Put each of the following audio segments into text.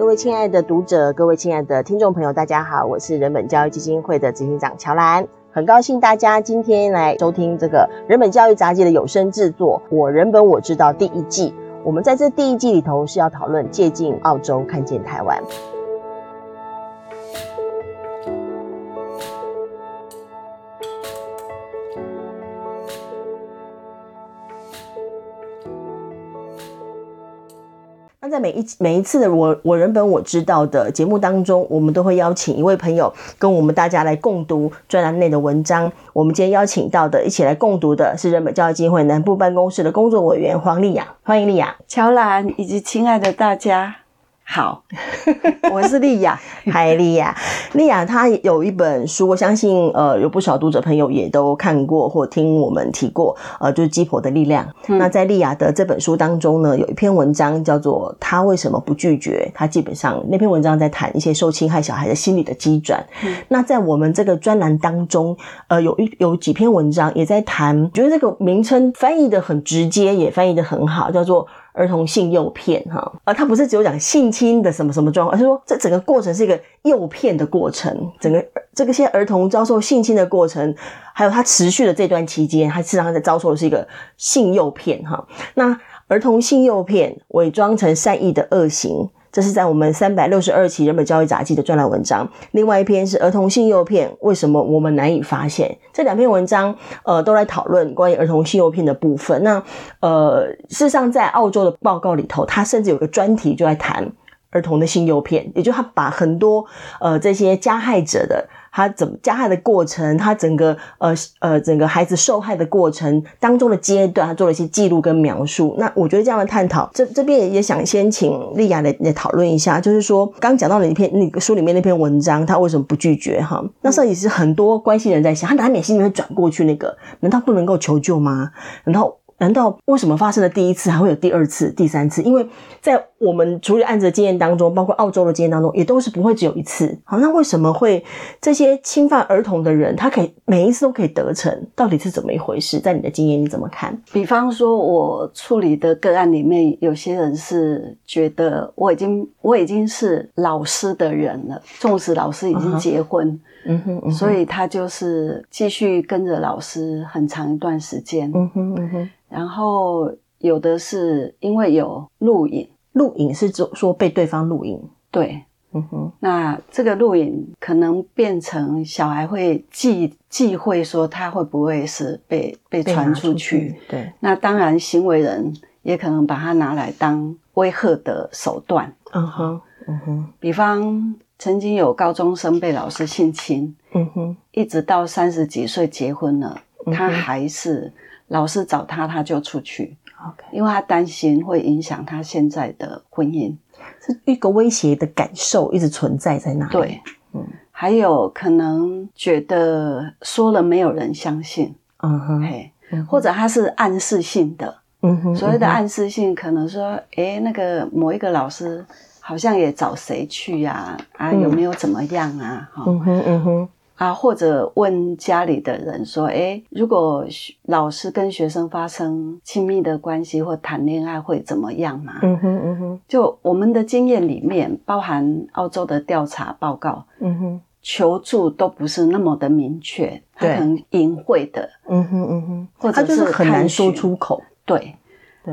各位親愛的讀者，各位親愛的聽眾朋友，大家好，我是人本教育基金會的執行長喬蘭，很高興大家今天來收聽這個人本教育札記的有聲製作。我人本我知道第一季，我們在這第一季裡頭是要討論借鏡澳洲，看見台灣。那在每一每一次的我我人本我知道的節目當中，我們都會邀請一位朋友跟我們大家來共讀專欄內的文章。我們今天邀請到的，一起來共讀的是人本教育基金會南部辦公室的工作委員黃俐雅，歡迎俐雅、喬蘭以及親愛的大家。好， 我是俐雅，嗨， 俐雅，俐雅她有一本書，我相信呃有不少讀者朋友也都看過或聽我們提過，呃，就是《雞婆的力量》嗯。那在俐雅的這本書當中呢，有一篇文章叫做《她為什麼不拒絕》，她基本上那篇文章在談一些受侵害小孩的心理的機轉。嗯、那在我們這個專欄當中，呃，有一有幾篇文章也在談，覺得這個名稱翻譯得很直接，也翻譯得很好，叫做。兒童性誘騙，哈，而他不是只有講性侵的什麼什麼狀況，而是說這整個過程是一個誘騙的過程，整個這個些兒童遭受性侵的過程，還有他持續的這段期間，他事實上在遭受的是一個性誘騙，哈、啊。那兒童性誘騙偽裝成善意的惡行。這是在我們三百六十二期《人本教育雜誌》的專欄文章，另外一篇是兒童性誘騙，為什麼我們難以發現？這兩篇文章，呃，都來討論關於兒童性誘騙的部分。那，呃，事實上在澳洲的報告裡頭，它甚至有個專題就在談兒童的性誘騙，也就它把很多呃這些加害者的。他怎麼加害的過程，他整個呃呃整個孩子受害的過程當中的階段，他做了一些記錄跟描述。那我覺得這樣的探討，這這邊也也想先請俐雅來來討論一下，就是說剛講到的那篇那個書裡面那篇文章，他為什麼不拒絕哈？那上也是很多關係人在想，他難免心裡面轉過去那個，難道不能夠求救嗎？難道？難道為什麼發生了第一次，還會有第二次、第三次？因為在我們處理案子的經驗當中，包括澳洲的經驗當中，也都是不會只有一次。好，那為什麼會這些侵犯兒童的人，他可以每一次都可以得逞？到底是怎麼一回事？在你的經驗，你怎麼看？比方說我處理的個案裡面，有些人是覺得我已經我已經是老師的人了，縱使老師已經結婚。Uh huh. 嗯哼，嗯哼，所以他就是繼續跟着老師很長一段時間。嗯嗯、然後有的是因為有錄影，錄影是說被對方錄影。對，嗯哼。那這個錄影可能變成小孩會忌忌諱，說他會不會是被被傳出去？對。那當然，行為人也可能把它拿來當威嚇的手段。嗯哼，嗯哼，比方。曾經有高中生被老師性侵，嗯哼，一直到三十幾歲結婚了，嗯、哼他還是老師找他，他就出去，OK，因為他擔心會影響他現在的婚姻，是一個威脅的感受一直存在在那裡，對，嗯，還有可能覺得說了沒有人相信，嗯哼，嘿，嗯、哼或者他是暗示性的，嗯哼，所謂的暗示性可能說，哎、嗯哼，那個某一個老師。好像也找誰去呀、啊？啊，有沒有怎麼樣啊？哈、嗯，嗯哼、啊、嗯哼，啊，嗯、哼或者問家裡的人說，誒、欸，如果老師跟學生發生親密的關係或談戀愛會怎麼樣嗎？嗯哼嗯哼，嗯哼就我們的經驗裡面，包含澳洲的調查報告，嗯哼，求助都不是那麼的明確，對、嗯哼，可能隱晦的嗯，嗯哼嗯哼，或者是,就是很難說出口，對。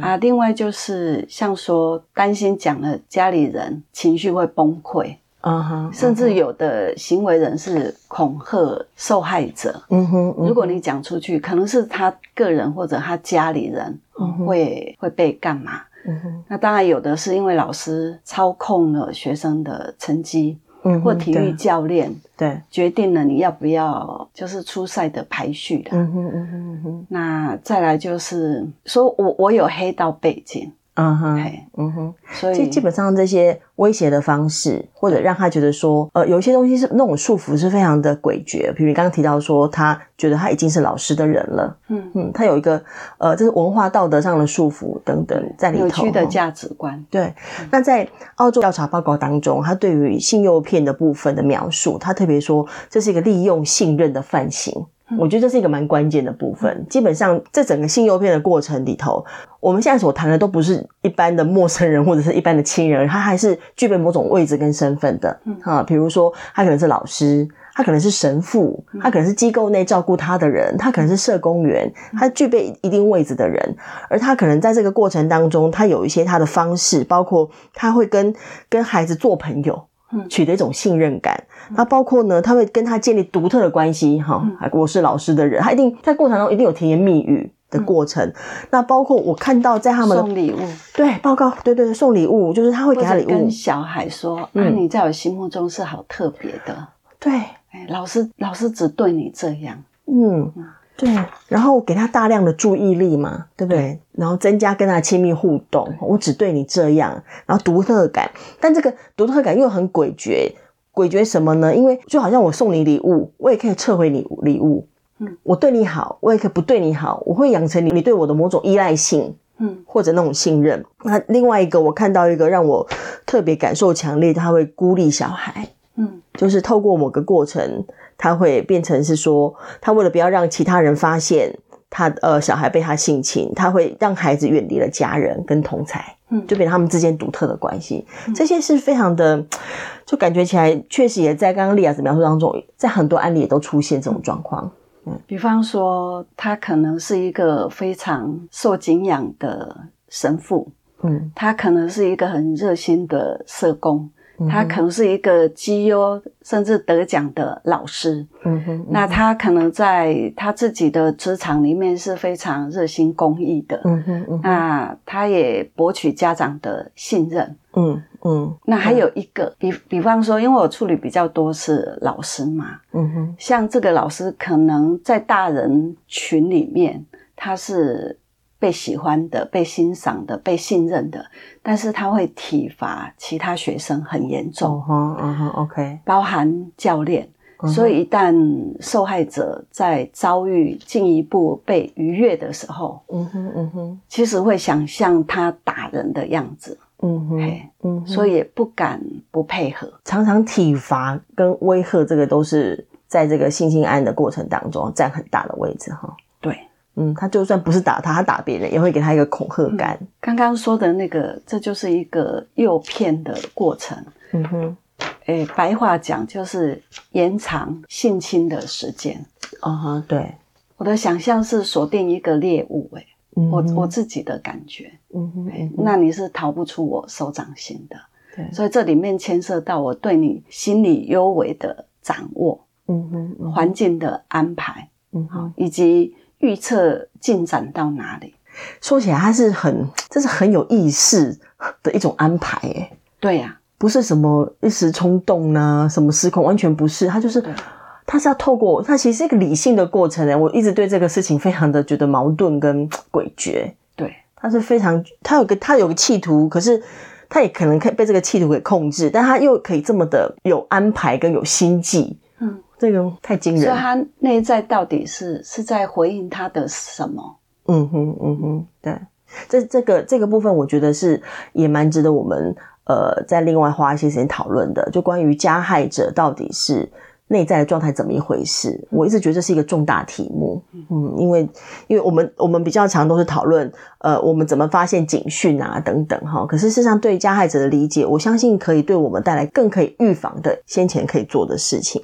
啊，另外就是像說擔心講了家裡人情緒會崩潰，uh huh, uh huh. 甚至有的行為人是恐嚇受害者，uh huh, uh huh. 如果你講出去，可能是他個人或者他家裡人會、uh huh. 會被幹嘛？Uh huh. 那當然有的是因為老師操控了學生的成績。嗯，或體育教練，對，決定了你要不要，就是出賽的排序了、嗯。嗯嗯嗯嗯嗯。那再來就是，說我我有黑道背景。Uh、huh, hey, 嗯哼，嗯哼，所以基本上這些威脅的方式，或者讓他覺得說，嗯、呃，有一些東西是那種束縛，是非常的詭譎。譬如你剛剛提到說，他覺得他已經是老師的人了，嗯嗯，他有一個呃，這是文化道德上的束縛等等在裡頭有的價值觀。對，嗯、那在澳洲調查報告當中，他對於性誘騙的部分的描述，他特別說這是一個利用信任的犯行。我覺得這是一個蠻關鍵的部分。基本上，在整個性誘騙的過程裡頭，我們現在所談的都不是一般的陌生人或者是一般的親人，他還是具備某種位置跟身份的。嗯，哈，比如說他可能是老師，他可能是神父，他可能是機構內照顧他的人，他可能是社工員，他具備一定位置的人。而他可能在這個過程當中，他有一些他的方式，包括他會跟跟孩子做朋友，取得一種信任感，嗯、那包括呢，他會跟他建立獨特的關係哈，還、哦、是、嗯、老師的人，他一定在過程中一定有甜言蜜語的過程。嗯、那包括我看到在他們送禮物，對，報告，對對，送禮物就是他會給他禮物，跟小孩說，嗯，啊、你在我心目中是好特別的，嗯、對，老師老師只對你這樣，嗯。對，然後給他大量的注意力嘛，對不對？對。然後增加跟他親密互動，我只對你這樣，然後獨特感。但這個獨特感又很詭譎，詭譎什麼呢？因為就好像我送你禮物，我也可以撤回你禮物。嗯，我對你好，我也可以不對你好，我會養成你你對我的某種依賴性，嗯，或者那種信任。那另外一個，我看到一個讓我特別感受強烈，他會孤立小孩，嗯，就是透過某個過程。他會變成是說，他為了不要讓其他人發現他，呃，小孩被他性侵，他會讓孩子遠離了家人跟同儕，嗯，就變成他們之間獨特的關係。嗯、這些是非常的，就感覺起來確實也在剛剛俐雅子描述當中，在很多案例也都出現這種狀況。嗯，比方說他可能是一個非常受敬仰的神父，嗯，他可能是一個很熱心的社工。他可能是一個績優甚至得獎的老師，嗯哼，嗯哼，那他可能在他自己的職場裡面是非常熱心公益的，嗯哼，嗯哼，那他也博取家長的信任，嗯，嗯，那還有一個，嗯，比、比方說，因為我處理比較多是老師嘛，嗯哼，像這個老師可能在大人群裡面，他是。被喜歡的、被欣賞的、被信任的，但是他會體罰其他學生，很嚴重。Uh huh, uh huh, okay. 包含教練，uh huh. 所以一旦受害者在遭遇進一步被逾越的時候，嗯哼，嗯哼，其實會想象他打人的樣子，嗯哼，嗯，所以也不敢不配合。常常體罰跟威嚇，這個都是在這個性侵案的過程當中佔很大的位置，哈。對。嗯，他就算不是打他，他打別人也會給他一個恐嚇感。嗯、剛剛說的那個，這就是一個誘騙的過程。嗯哼誒，白話講就是延長性侵的時間。哦、uh huh、對，我的想象是鎖定一個獵物，哎、嗯哼，我我自己的感覺。嗯哼，那你是逃不出我手掌心的。對、嗯哼，所以這裡面牽涉到我對你心理幽微的掌握。嗯哼，環境的安排。嗯哼，以及。預測進展到哪裡？說起來，他是很這是很有意識的一種安排耶，哎、啊，對呀，不是什麼一時衝動吶、啊，什麼失控，完全不是。他就是，對他是要透過，他其實是一個理性的過程。哎，我一直對這個事情非常的覺得矛盾跟詭譎。對，他是非常，他有個他有個企圖，可是他也可能可以被這個企圖給控制，但他又可以這麼的有安排跟有心計。這個太驚人了，所以他內在到底是，是在回應他的什麼？嗯哼，嗯哼，對，這這個這個部分，我覺得是也蠻值得我們呃再另外花一些時間討論的，就關於加害者到底是。內在的狀態怎麼一回事？我一直覺得這是一個重大題目。嗯，因為因為我們我們比較常都是討論，呃，我們怎麼發現警訊啊等等齁。可是事實上，對於加害者的理解，我相信可以對我們帶來更可以預防的先前可以做的事情。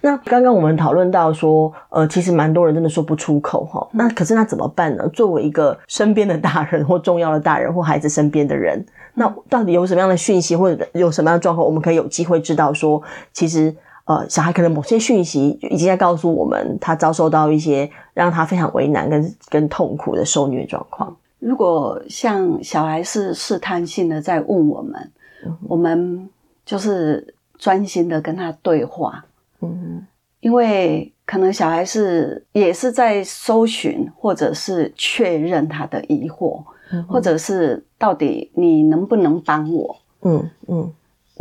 那剛剛我們討論到說，呃，其實蠻多人真的說不出口齁。那可是那怎麼辦呢？作為一個身邊的大人或重要的大人或孩子身邊的人，那到底有什麼樣的訊息或者有什麼樣的狀況，我們可以有機會知道說，其實。呃，小孩可能某些訊息已經在告訴我們，他遭受到一些讓他非常為難跟跟痛苦的受虐狀況。如果像小孩是試探性的在問我們，嗯、哼我們就是專心的跟他對話，嗯哼，因為可能小孩是也是在搜尋或者是確認他的疑惑，嗯、哼或者是到底你能不能幫我？嗯嗯。嗯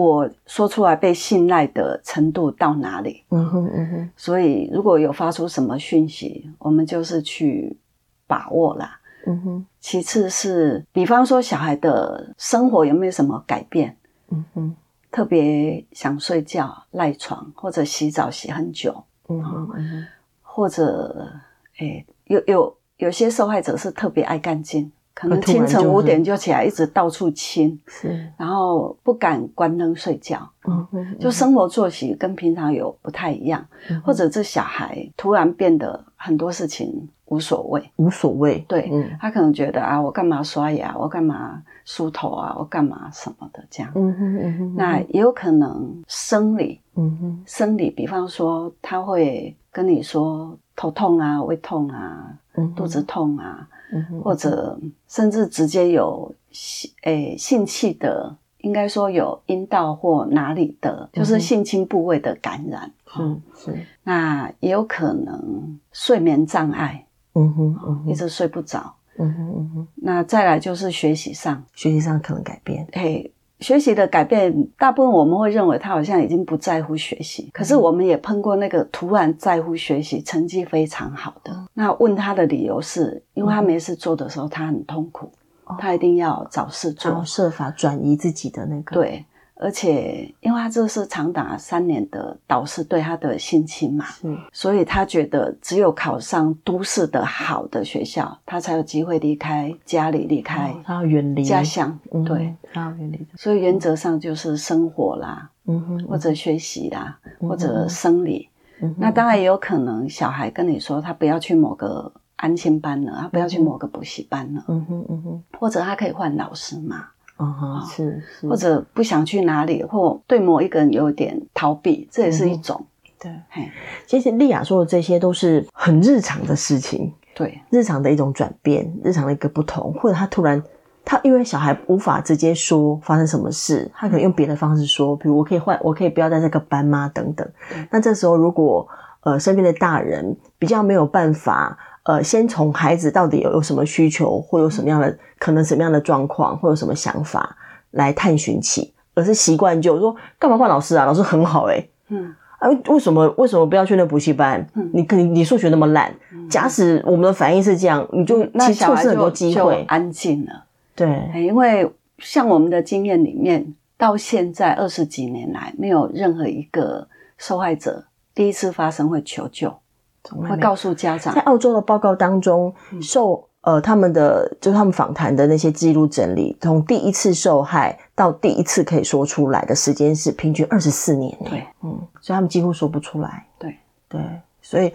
我說出來被信賴的程度到哪裡？嗯哼嗯哼、所以如果有發出什麼訊息，我們就是去把握啦。嗯哼。其次是，比方說小孩的生活有沒有什麼改變？嗯哼。特別想睡覺賴床，或者洗澡洗很久。嗯，嗯哼。或者，欸、有有有些受害者是特別愛乾淨。可能清晨五點就起來，一直到處清，就是，然後不敢關燈睡覺，嗯是，就生活作息跟平常有不太一樣，嗯、哼或者這小孩突然變得很多事情無所謂，無所謂，對，嗯、他可能覺得啊，我幹嘛刷牙，我幹嘛梳頭啊，我幹嘛什麼的這樣，嗯哼嗯嗯，那也有可能生理，嗯哼，生理，比方說他會跟你說頭痛啊，胃痛啊，嗯、哼肚子痛啊。或者甚至直接有性誒、欸、性器的，應該說有陰道或哪裡的，嗯、哼就是性侵部位的感染。嗯、喔是，是，那也有可能睡眠障礙、嗯，嗯哼、喔，一直睡不着、嗯。嗯哼嗯哼，那再來就是學習上，學習上可能改變。欸學習的改變，大部分我們會認為他好像已經不在乎學習，可是我們也碰過那個突然在乎學習成績非常好的，嗯、那問他的理由是因為他沒事做的時候他很痛苦，嗯、他一定要找事做，設法轉移自己的那個。對。而且，因為他這是長達三年的導師對他的信心嘛，是所以他覺得只有考上都市的好的學校，他才有機會離開家裡，離開、哦、他要遠離家鄉，對，他要遠離。所以原則上就是生活啦，嗯哼嗯，或者學習啦，嗯嗯或者生理。嗯、哼那當然也有可能，小孩跟你說他不要去某個安心班了，嗯、哼他不要去某個補習班了，嗯哼，嗯哼，嗯哼，或者他可以換老師嘛。啊、哦、是是，或者不想去哪裡，或對某一個人有點逃避，這也是一種。嗯、對，嘿，其實俐雅說的這些都是很日常的事情，對，日常的一種轉變，日常的一個不同，或者他突然他因為小孩無法直接說發生什麼事，他可能用別的方式說，嗯、比如我可以換，我可以不要在這個班嗎？等等。嗯、那這時候如果呃身邊的大人比較沒有辦法。呃，先從孩子到底有有什麼需求，或有什麼樣的、嗯、可能、什麼樣的狀況，會有什麼想法來探尋起，而是習慣就說幹嘛換老師啊？老師很好哎、欸，嗯，啊，為什麼為什麼不要去那補習班？嗯、你你你數學那麼爛，嗯、假使我們的反應是這樣，你就那錯失很多機會。安靜了，對，因為像我們的經驗裡面，到現在二十幾年來，沒有任何一個受害者第一次發生會求救。會告訴家長。在澳洲的報告當中，嗯、受呃他們的就是他們訪談的那些記錄整理，從第一次受害到第一次可以說出來的時間是平均二十四年。對，嗯，所以他們幾乎說不出來。對，對，所以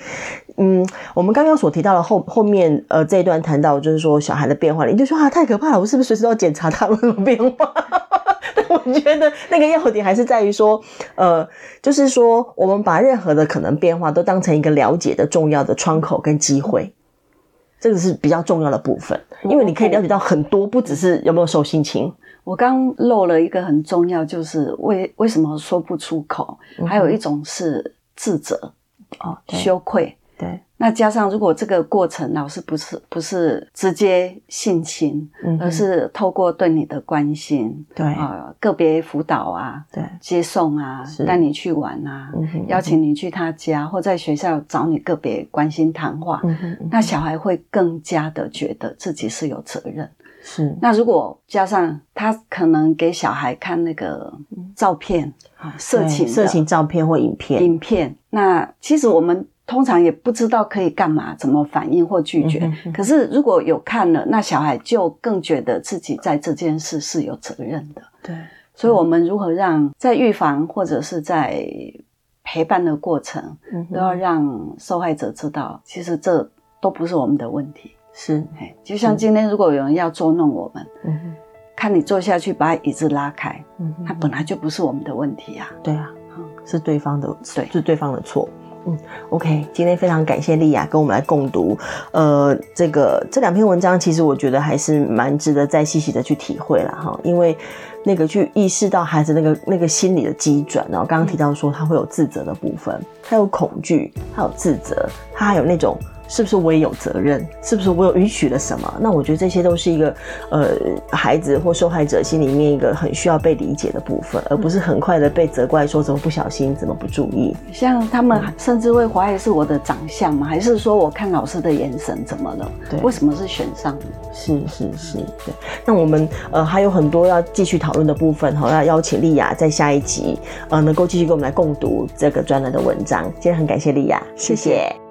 嗯，我們剛剛所提到的後後面呃這一段談到就是說小孩的變化，你就說啊太可怕了，我是不是隨時都要檢查他們的變化？ 我覺得那個要點還是在於說，呃，就是說我們把任何的可能變化都當成一個了解的重要的窗口跟機會，這個是比較重要的部分，因為你可以了解到很多，Okay. 不只是有沒有受性侵，我剛漏了一個很重要，就是為為什麼說不出口，嗯、哼還有一種是自責，對哦，羞愧，對。那加上，如果這個過程老師不是不是，直接性侵，嗯、哼而是透過對你的關心，對啊、呃，個別輔導啊，對接送啊，帶是你去玩啊，嗯哼嗯哼，邀請你去他家或在學校找你個別關心談話，嗯哼嗯哼，那小孩會更加的覺得自己是有責任。是。那如果加上他可能給小孩看那個照片，色情色情照片或影片、影片。那其實我們。通常也不知道可以幹嘛，怎麼反應或拒絕。嗯、哼哼可是如果有看了，那小孩就更覺得自己在這件事是有責任的。對，所以我們如何讓在預防或者是在陪伴的過程，嗯、哼都要讓受害者知道，其實這都不是我們的問題。是、欸，就像今天如果有人要捉弄我們，嗯、哼看你坐下去把椅子拉開，他、嗯、本來就不是我們的問題啊。對啊，嗯、是對方的，對，是對方的錯。嗯，OK，今天非常感謝俐雅跟我們來共讀，呃，這個這兩篇文章其實我覺得還是蠻值得再細細的去體會啦哈，因為那個去意識到孩子那個那個心理的激轉，然後剛剛提到說他會有自責的部分，他有恐懼，他有自責，他還有那種。是不是我也有責任？是不是我有允許了什麼？那我覺得這些都是一個，呃，孩子或受害者心裡面一個很需要被理解的部分，而不是很快的被責怪說，說、嗯、怎麼不小心、怎麼不注意。像他們甚至會懷疑是我的長相嗎？還是說我看老師的眼神怎麼了？是對，為什麼是選上呢是？是是是，對。那我們呃還有很多要繼續討論的部分好，要邀請俐雅在下一集呃能夠繼續跟我們來共讀這個專欄的文章。今天很感謝俐雅，謝謝。謝謝。